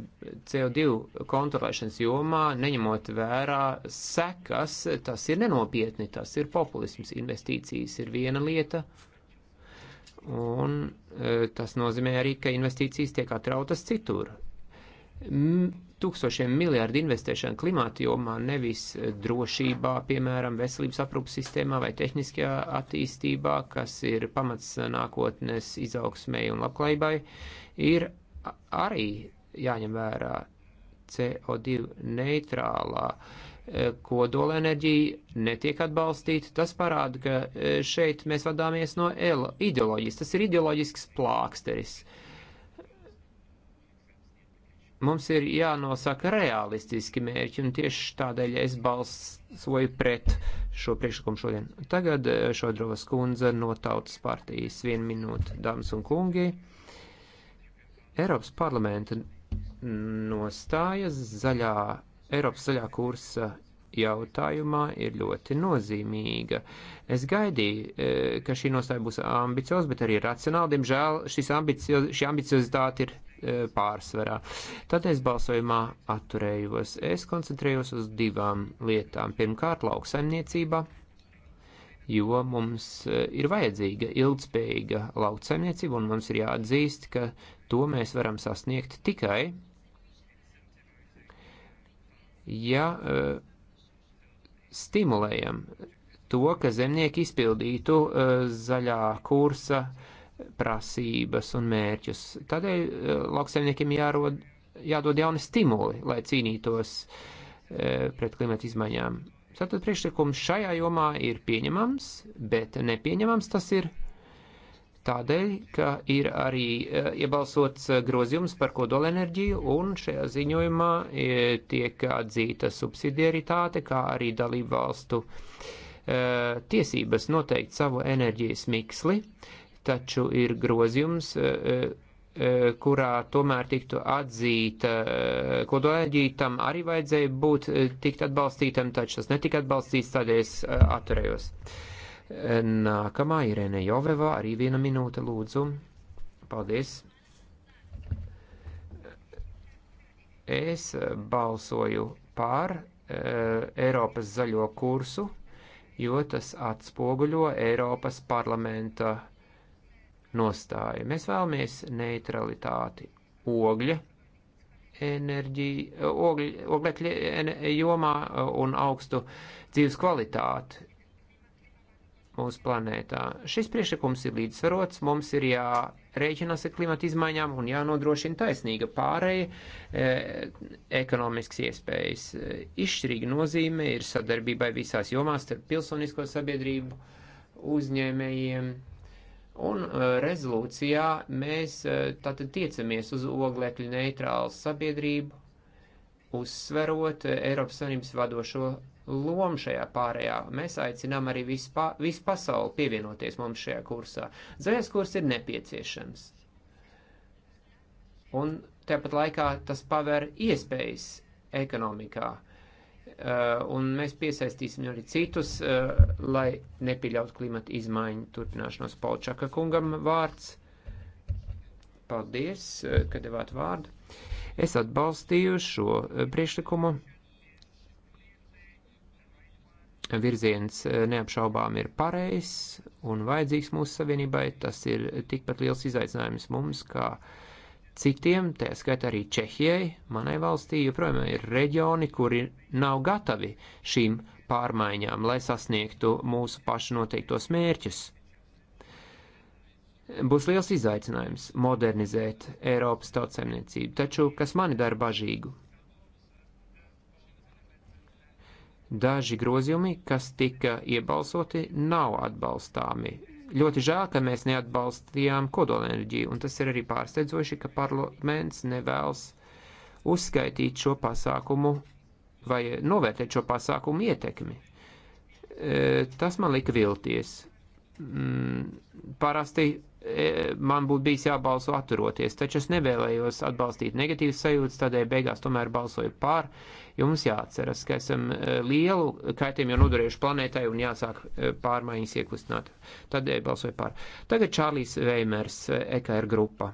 CO2 kontrolēšanas jomā, neņemot vērā sekas, tas ir nenopietni, tas ir populisms. Investīcijas ir viena lieta, Un e, tas nozīmē arī, ka investīcijas tiek atrautas citur. Tūkstošiem miljārdu investēšana klimata jomā nevis drošībā, piemēram, veselības aprūpas sistēmā vai tehniskajā attīstībā, kas ir pamats nākotnes izaugsmēji un labklājībai, ir arī jāņem vērā CO2 neitrālā uh, E, kodolenerģija netiek atbalstīta. Tas parāda, ka e, šeit mēs vadāmies no ideoloģijas. Tas ir ideoloģisks plāksteris. Mums ir jānosaka realistiski mērķi, un tieši tādēļ es balsoju pret šo priekšlikumu šodien. Tagad e, Šodrovas kundze no Tautas partijas vienu minūtu, dāmas un kungi. Eiropas parlamenta nostājas zaļā Eiropas zaļā kursa jautājumā ir ļoti nozīmīga. Es gaidīju, e, ka šī nostāja būs ambicioza, bet arī racionāla. Diemžēl ambicioz, šī ambiciozitāte ir e, pārsvarā. Tad es balsojumā atturējos. Es koncentrējos uz divām lietām. Pirmkārt, lauksaimniecībā, jo mums e, ir vajadzīga ilgspējīga lauksaimniecība, un mums ir jāatzīst, ka to mēs varam sasniegt tikai ja e, stimulējam to, ka zemnieki izpildītu e, zaļā kursa prasības un mērķus. Tādēļ e, lauksaimniekiem jārod, jādod jauni stimuli, lai cīnītos pret klimata izmaiņām. Tātad priekšlikums šajā jomā ir pieņemams, bet nepieņemams tas ir tādēļ, ka ir arī eh, iebalsots eh, grozījums par kodolenerģiju, un šajā ziņojumā eh, tiek atzīta subsidiaritāte, kā arī dalību valstu tiesības noteikt savu enerģijas miksli, taču ir grozījums, kurā tomēr tiktu atzīta kodolenerģija, tam arī vajadzēja būt tikt atbalstītam, taču tas netika atbalstīts, tādēļ es atturējos. Uh, Nākamā Irēne Joveva, arī viena minūte lūdzu. Paldies! Es balsoju pār e, eh, Eiropas zaļo kursu, jo tas atspoguļo Eiropas parlamenta nostāju. Mēs vēlamies neutralitāti ogļa enerģija, ogļ, oglekļa jomā un augstu dzīves kvalitāti mūsu planētā. Šis priekšlikums ir līdzsvarots, mums ir jārēķinās ar klimata izmaiņām un jānodrošina taisnīga pārēja e, ekonomisks iespējas. Izšķirīga nozīme ir sadarbībai visās jomās starp pilsonisko sabiedrību, uzņēmējiem. Un e, rezolūcijā mēs e, tātad tiecamies uz oglekļu neitrālu sabiedrību, uzsverot Eiropas Savienības vadošo lomu šajā pārējā. Mēs aicinām arī visu, pa, visu pasauli pievienoties mums šajā kursā. Zaļais kurs ir nepieciešams. Un tāpat laikā tas paver iespējas ekonomikā. Uh, un mēs piesaistīsim arī citus, uh, lai nepieļautu klimata izmaiņu turpināšanos. Polčaka kungam vārds. Paldies, uh, ka devāt vārdu. Es atbalstīju šo uh, priekšlikumu. Uh, virziens eh, neapšaubām ir pareizs un vajadzīgs mūsu savienībai. Tas ir tikpat liels izaicinājums mums, kā citiem, tā skaitā arī Čehijai, manai valstī, joprojām ir reģioni, kuri nav gatavi šīm pārmaiņām, lai sasniegtu mūsu pašu noteiktos mērķus. Būs liels izaicinājums modernizēt Eiropas tautsēmniecību, taču kas mani dara bažīgu? Daži grozījumi, kas tika iebalsoti, nav atbalstāmi. Ļoti žēl, ka mēs neatbalstījām kodolenerģiju, un tas ir arī pārsteidzoši, ka parlaments nevēlas uzskaitīt šo pasākumu vai novērtēt šo pasākumu ietekmi. E, tas man lika vilties. Mm, parasti E, man būtu bijis jābalso atturoties, taču es nevēlējos atbalstīt negatīvas sajūtas, tādēļ beigās tomēr balsoju pār, jo mums jāatceras, ka esam e, lielu kaitējumu jau nodarījuši planētai un jāsāk e, pārmaiņas ieklustināt. Tādēļ balsoju pār. Tagad Čārlis Veimers, EKR grupa.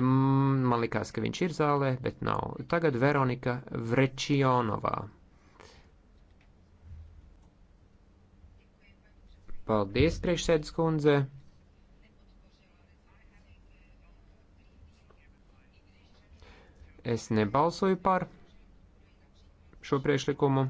Man likās, ka viņš ir zālē, bet nav. Tagad Veronika Vrečionovā. Paldies, priekšsēdus kundze. Es nebalsoju par šo priekšlikumu,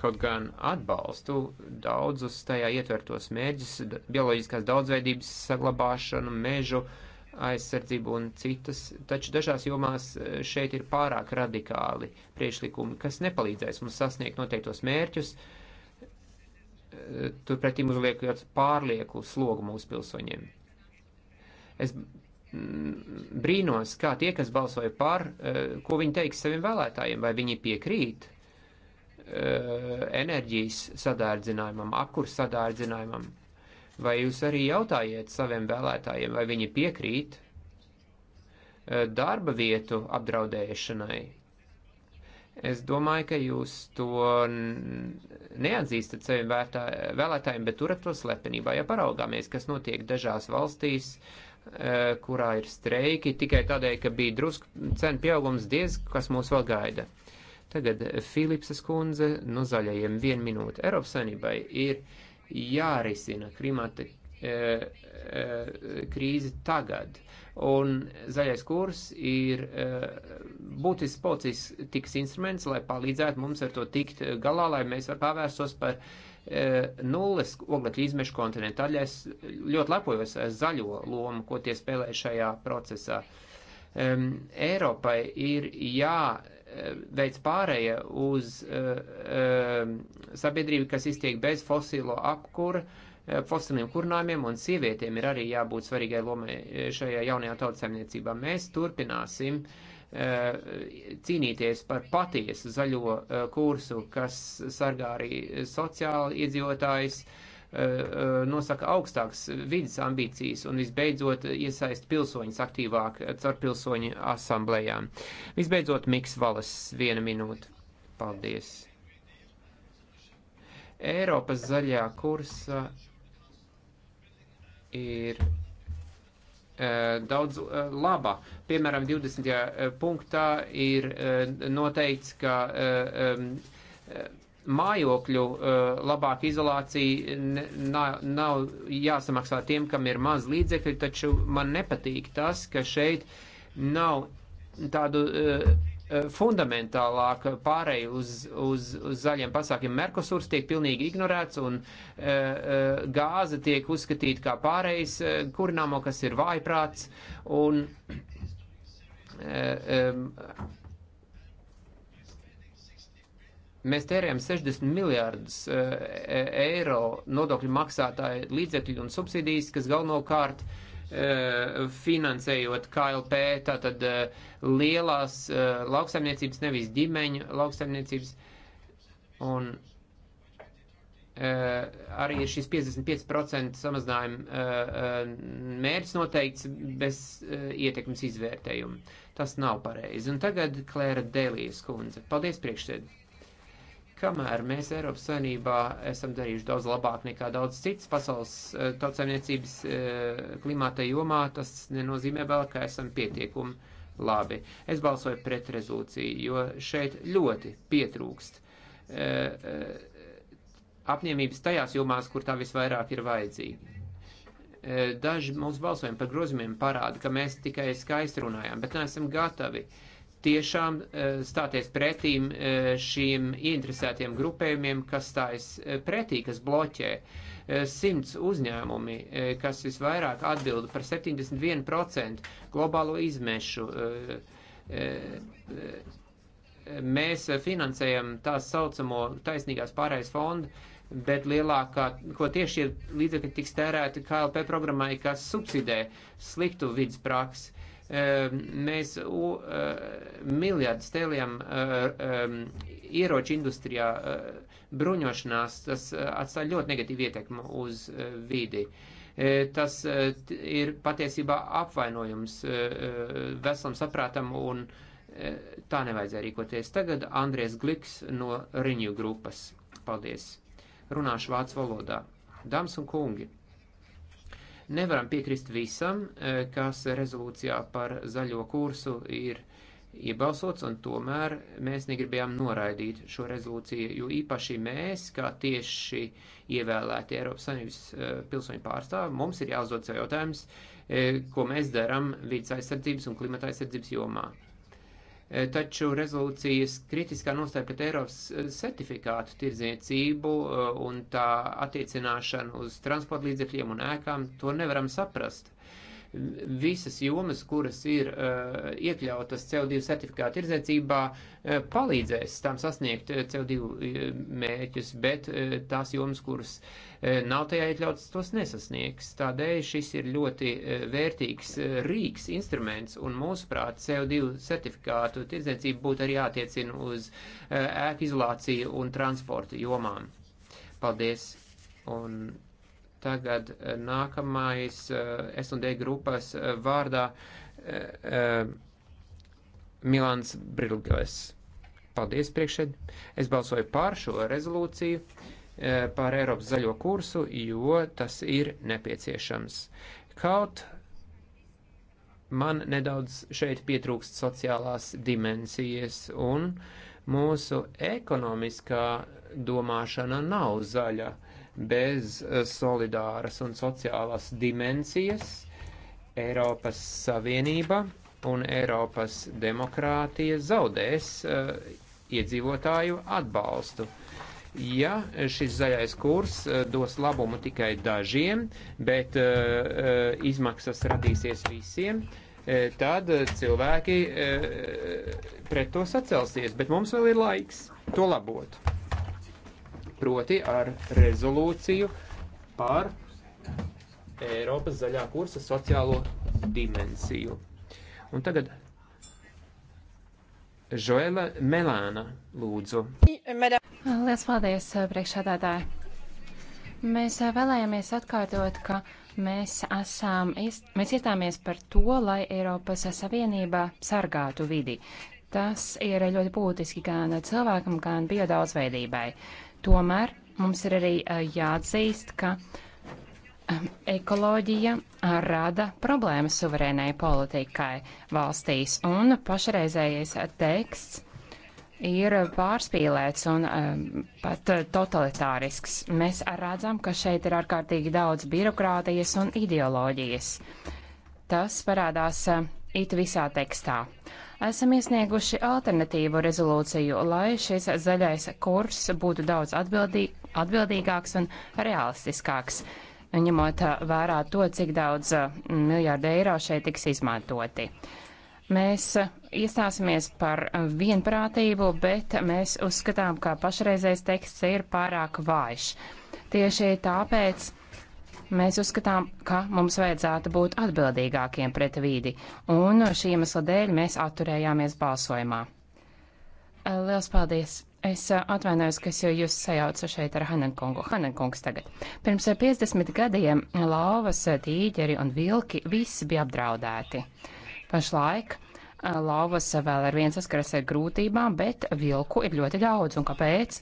kaut gan atbalstu daudzus tajā ietvertos mērķus - bioloģiskās daudzveidības saglabāšanu, mežu uh, aizsardzību un citas, taču dažās jomās e, šeit ir pārāk radikāli priekšlikumi, kas nepalīdzēs mums sasniegt noteiktos mērķus. E, turpretī mums liekot pārlieku slogu mūsu pilsoņiem. Es mm, brīnos, kā tie, kas balsoja par, e, ko viņi teiks saviem vēlētājiem, vai viņi piekrīt enerģijas sadārdzinājumam, apkurs sadārdzinājumam Vai jūs arī jautājiet saviem vēlētājiem, vai viņi piekrīt eh, darba vietu apdraudēšanai? Es domāju, ka jūs to neatzīstat saviem vēlētājiem, bet turat to slepenībā. Ja paraugāmies, kas notiek dažās valstīs, eh, kurā ir streiki, tikai tādēļ, ka bija drusku cenu pieaugums, diez kas mūs vēl gaida. Tagad Filipses kundze no zaļajiem vienu minūti. Eiropas saimnībai ir jārisina klimata e, e, krīze tagad. Un zaļais kurs ir e, būtisks politisks instruments, lai palīdzētu mums ar to tikt galā, lai mēs var pavērstos par e, nulles oglekļa izmešu kontinentu. Tādēļ es ļoti lepojos ar zaļo lomu, ko tie spēlē šajā procesā. Um, Eiropai ir jā veids pārēja uz eh, eh, sabiedrību, kas iztiek bez fosilo apkura, eh, fosiliem kurinājumiem, un sievietēm ir arī jābūt svarīgai lomai šajā jaunajā tautsēmniecībā. Mēs turpināsim cīnīties par patiesu zaļo kursu, kas sargā arī sociāli iedzīvotājs, uh, Eh, eh, nosaka augstākas vidas ambīcijas un visbeidzot iesaist pilsoņus aktīvāk caur pilsoņu asamblējām. Visbeidzot, Miks Valas, viena minūte. Paldies! Eiropas zaļā kursa ir eh, daudz laba. Piemēram, 20. punktā ir noteikts, ka mājokļu eh, labāka izolācija nav jāsamaksā tiem, kam ir maz līdzekļu, taču man nepatīk tas, ka šeit nav tādu eh, eh, fundamentālāka pārēja uz, uz, uz zaļiem pasākiem. Merkosurs tiek pilnīgi ignorēts un gāze tiek uzskatīta kā pārējais kurināmo, kas ir vājprāts. Un, Mēs tērējam 60 miljārdus e, e, eiro nodokļu maksātāju līdzekļu un subsidijas, kas galvenokārt e, finansējot KLP, tātad lielās lauksaimniecības, nevis ģimeņu lauksaimniecības. Un Uh, arī ir šis 55% samazinājuma uh, mērķis noteikts bez uh, ietekmes izvērtējuma. Tas nav pareizi. Un tagad Klēra Dēlijas kundze. Paldies priekšsēdētājai. Kamēr mēs Eiropas Savienībā esam darījuši daudz labāk nekā daudz cits pasaules eh, tautsēmniecības eh, klimata jomā, tas nenozīmē vēl, ka esam pietiekumi labi. Es balsoju pret rezolūciju, jo šeit ļoti pietrūkst eh, apņēmības tajās jomās, kur tā visvairāk ir vajadzīga. Daži mūsu balsojumi par grozījumiem parāda, ka mēs tikai skaisti runājām, bet neesam gatavi uh, tiešām e, stāties pretīm e, šīm interesētiem grupējumiem, kas stājas e, pretī, kas bloķē. Simts uzņēmumi, kas visvairāk atbilda par 71% globālo izmešu. Mēs finansējam tā saucamo taisnīgās pārējais fondu, bet lielākā, ko tieši ir līdzekļi tiks tērēti KLP programmai, kas subsidē sliktu vidas praksi Eh, mēs eh, miljardus tēliem eh, ieroču industrijā bruņošanās, tas atstāja ļoti negatīvu ietekmu uz vidi tas ir patiesībā apvainojums veselam saprātam un tā nevajadzēja rīkoties. Tagad Andries Gliks no Riņu grupas. Paldies. Runāšu vācu valodā. Dāmas un kungi, Nevaram piekrist visam, e, kas rezolūcijā par zaļo kursu ir iebalsots, un tomēr mēs negribējām noraidīt šo rezolūciju, jo īpaši mēs, kā tieši ievēlēti Eiropas Savienības e, pilsoņu pārstāvi, mums ir jāuzdod sev jautājums, e, ko mēs darām vidas aizsardzības un klimata aizsardzības jomā. Eh, taču rezolūcijas kritiskā nostāja pret Eiropas eh, certifikātu tirdzniecību eh, un tā attiecināšanu uz transportlīdzekļiem un ēkām, to nevaram saprast visas jomas, kuras ir uh, iekļautas CO2 certifikāta tirdzniecībā, uh, palīdzēs tam sasniegt eh, CO2 mērķus, bet uh, tās jomas, kuras uh, nav tajā iekļautas, tos nesasniegs. Tādēļ šis ir ļoti uh, vērtīgs uh, rīks, instruments, un mūsuprāt, CO2 certifikātu tirdzniecība būtu arī jātiecina uz uh, ēku izolāciju un transporta jomām. Paldies! Un Tagad eh, nākamais eh, S&D grupas eh, vārdā Milāns Brilgles. Paldies priekšēd. Es balsoju pār šo rezolūciju pār Eiropas zaļo kursu, jo tas ir nepieciešams. Kaut man nedaudz šeit pietrūkst sociālās dimensijas un mūsu ekonomiskā domāšana nav zaļa bez eh, solidāras un sociālās dimensijas Eiropas Savienība un Eiropas demokrātija zaudēs uh, iedzīvotāju atbalstu. Ja šis zaļais kurs uh, dos labumu tikai dažiem, bet uh, izmaksas radīsies visiem, tad cilvēki pret to sacelsies, bet mums vēl ir laiks to labot proti ar rezolūciju par Eiropas zaļā kursa sociālo dimensiju. Un tagad Žoela Melāna lūdzu. Lielas paldies, eh, priekšādātāji. Mēs eh, vēlējāmies atkārtot, ka mēs, esam, mēs iestāmies par to, lai Eiropas Savienība sargātu vidi. Tas ir ļoti būtiski gan cilvēkam, gan biodaudzveidībai. Tomēr mums ir arī eh, jāatzīst, ka eh, ekoloģija eh, rada problēmas suverēnai politikai valstīs, un pašreizējais teksts ir pārspīlēts un pat totalitārisks. Mēs redzam, ka šeit ir ārkārtīgi daudz birokrātijas un ideoloģijas. Tas parādās it visā tekstā esam iesnieguši alternatīvu rezolūciju, lai šis zaļais kurs būtu daudz atbildī, atbildīgāks un realistiskāks, ņemot vērā to, cik daudz mm, miljārdu eiro šeit tiks izmantoti. Mēs iestāsimies par vienprātību, bet mēs uzskatām, ka pašreizējais teksts ir pārāk vājš. Tieši tāpēc Mēs uzskatām, ka mums vajadzētu būt atbildīgākiem pret vīdi, un šī iemesla dēļ mēs atturējāmies balsojumā. Liels paldies! Es atvainojos, ka es jau jūs sajaucu šeit ar Hanenkungu. Hanenkungs tagad. Pirms 50 gadiem lauvas, tīģeri un vilki visi bija apdraudēti. Pašlaik lauvas vēl ar vien saskaras ar grūtībām, bet vilku ir ļoti daudz. Un kāpēc?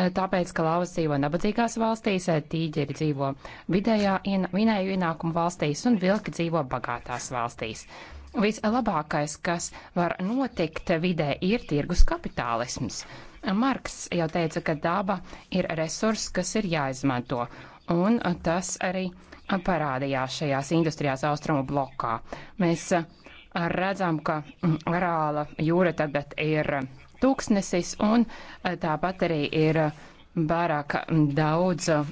Eh, tāpēc, ka lauvas dzīvo nabadzīgās valstīs, eh, tīģeri dzīvo vidējā minēju ienākumu valstīs un vilki dzīvo bagātās valstīs. Vislabākais, kas var notikt vidē, ir tirgus kapitālisms. Marks jau teica, ka daba ir resurs, kas ir jāizmanto, un tas arī parādījās šajās industrijās austrumu blokā. Mēs eh, redzam, ka mm, Rāla jūra tagad ir tūkstnesis, un eh, tāpat arī ir pārāk eh, daudz uh,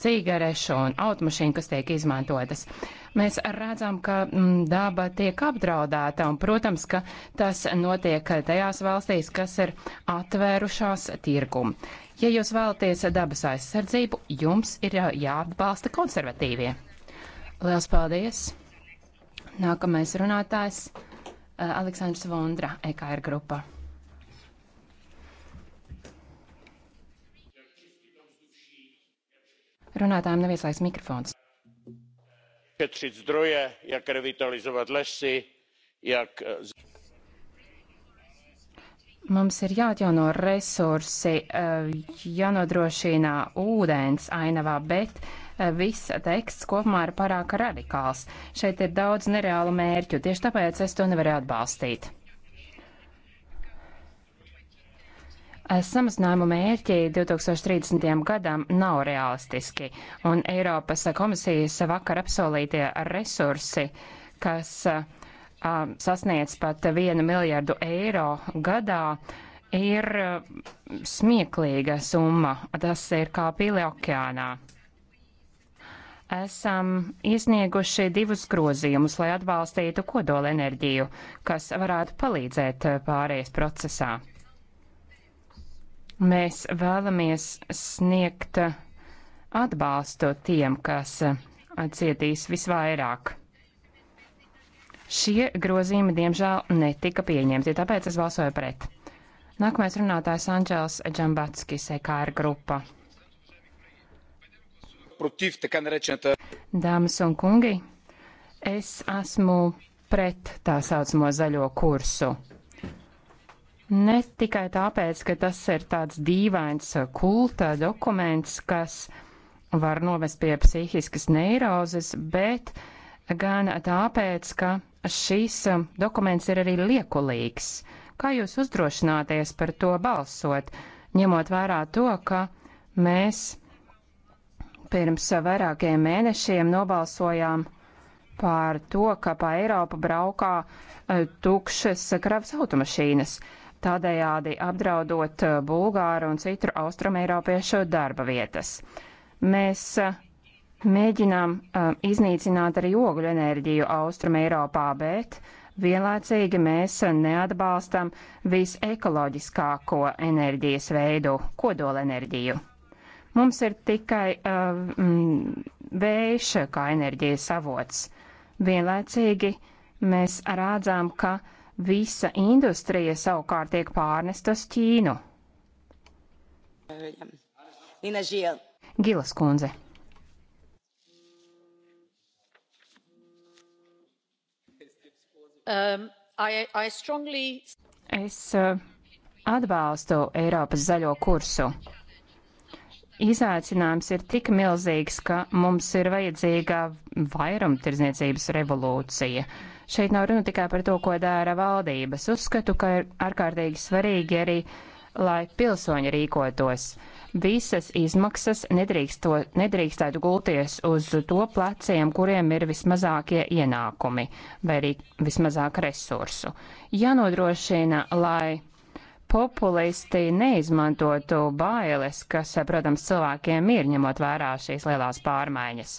cigarešu un automašīnu, kas tiek izmantotas. Mēs redzam, ka daba tiek apdraudēta, un, protams, ka tas notiek tajās valstīs, kas ir atvērušās tirgumu. Ja jūs vēlaties dabas aizsardzību, jums ir jāatbalsta konservatīvie. Lielas paldies! Nākamais runātājs uh, Aleksandrs Vondra, EKR grupa. Runātājiem nevieslēgs mikrofons. Šetřit zdroje, jak revitalizovat lesy, jak Mums ir jāatjauno resursi, eh, jānodrošina ūdens ainavā, bet eh, viss teksts kopumā ir pārāk radikāls. Šeit ir daudz nereālu mērķu, tieši tāpēc es to nevaru atbalstīt. Samazinājumu mērķi 2030. gadam nav realistiski, un Eiropas komisijas vakar apsolītie resursi, kas sasniedz pat vienu miljardu eiro gadā, ir smieklīga summa. Tas ir kā pili okeānā. Esam iesnieguši divus grozījumus, lai atbalstītu kodolenerģiju, kas varētu palīdzēt pārējais procesā. Mēs vēlamies sniegt atbalstu tiem, kas cietīs visvairāk. Šie grozījumi, diemžēl, netika pieņemti, tāpēc es balsoju pret. Nākamais runātājs Anģels Džambatskis, EKR grupa. Dāmas un kungi, es esmu pret tā saucamo zaļo kursu. Ne tikai tāpēc, ka tas ir tāds dīvains uh, kulta dokuments, kas var novest pie psihiskas neirozes, bet gan tāpēc, ka šīs um, dokuments ir arī liekulīgs. Kā jūs uzdrošināties par to balsot, ņemot vērā to, ka mēs pirms vairākiem mēnešiem nobalsojām par to, ka pa Eiropu braukā uh, tukšas kravas automašīnas tādējādi apdraudot eh, Bulgāru un citu austrumēropiešu darba vietas. Mēs eh, mēģinām eh, iznīcināt arī ogļu enerģiju Austrumēropā, bet vienlaicīgi mēs neatbalstam visekoloģiskāko enerģijas veidu - kodolenerģiju. Mums ir tikai uh, vējš kā enerģijas avots. Vienlaicīgi mēs rādzām, ka uh, Visa industrija savukārt tiek pārnest uz Ķīnu. Gilas kundze. Um, I, I strongly... Es uh, atbalstu Eiropas zaļo kursu. Izaicinājums ir tik milzīgs, ka mums ir vajadzīga vairumtirdzniecības revolūcija. Uh, Šeit nav runa tikai par to, ko dara valdības. Uzskatu, ka ir ārkārtīgi svarīgi arī, lai pilsoņi rīkotos. Visas izmaksas nedrīksto, nedrīkstētu gulties uz to pleciem, kuriem ir vismazākie ienākumi vai arī vismazāk resursu. Jānodrošina, lai populisti neizmantotu bailes, kas, protams, cilvēkiem ir, ņemot vērā šīs lielās pārmaiņas.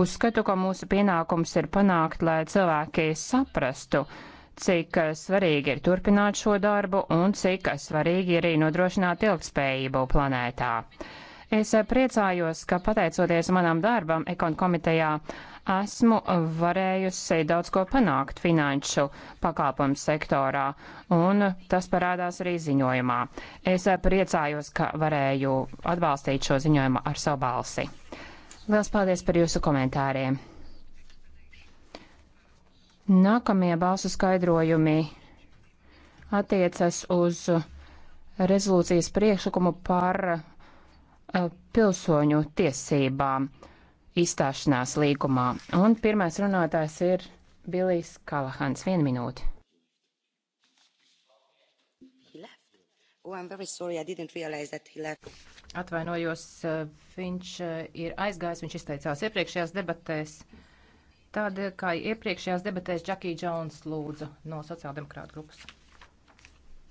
Uzskatu, ka mūsu pienākums ir panākt, lai cilvēki saprastu, cik svarīgi ir turpināt šo darbu un cik svarīgi ir arī nodrošināt ilgspējību planētā. Es priecājos, ka pateicoties manam darbam ekon komitejā, esmu varējusi daudz ko panākt finanšu pakāpumu sektorā, un tas parādās arī ziņojumā. Es priecājos, ka varēju atbalstīt šo ziņojumu ar savu balsi. Liels paldies par jūsu komentāriem. Nākamie balsu skaidrojumi attiecas uz rezolūcijas priekšlikumu par pilsoņu tiesībām izstāšanās līgumā. Un pirmais runātājs ir Bilijs Kalahans. Vienu minūti. Oh, I'm very sorry, I didn't realize that he left. Atvainojos, eh, viņš eh, ir aizgājis, viņš izteicās iepriekšējās debatēs. Tāda eh, kā iepriekšējās debatēs Džakija Džons lūdzu no sociāldemokrāta grupas.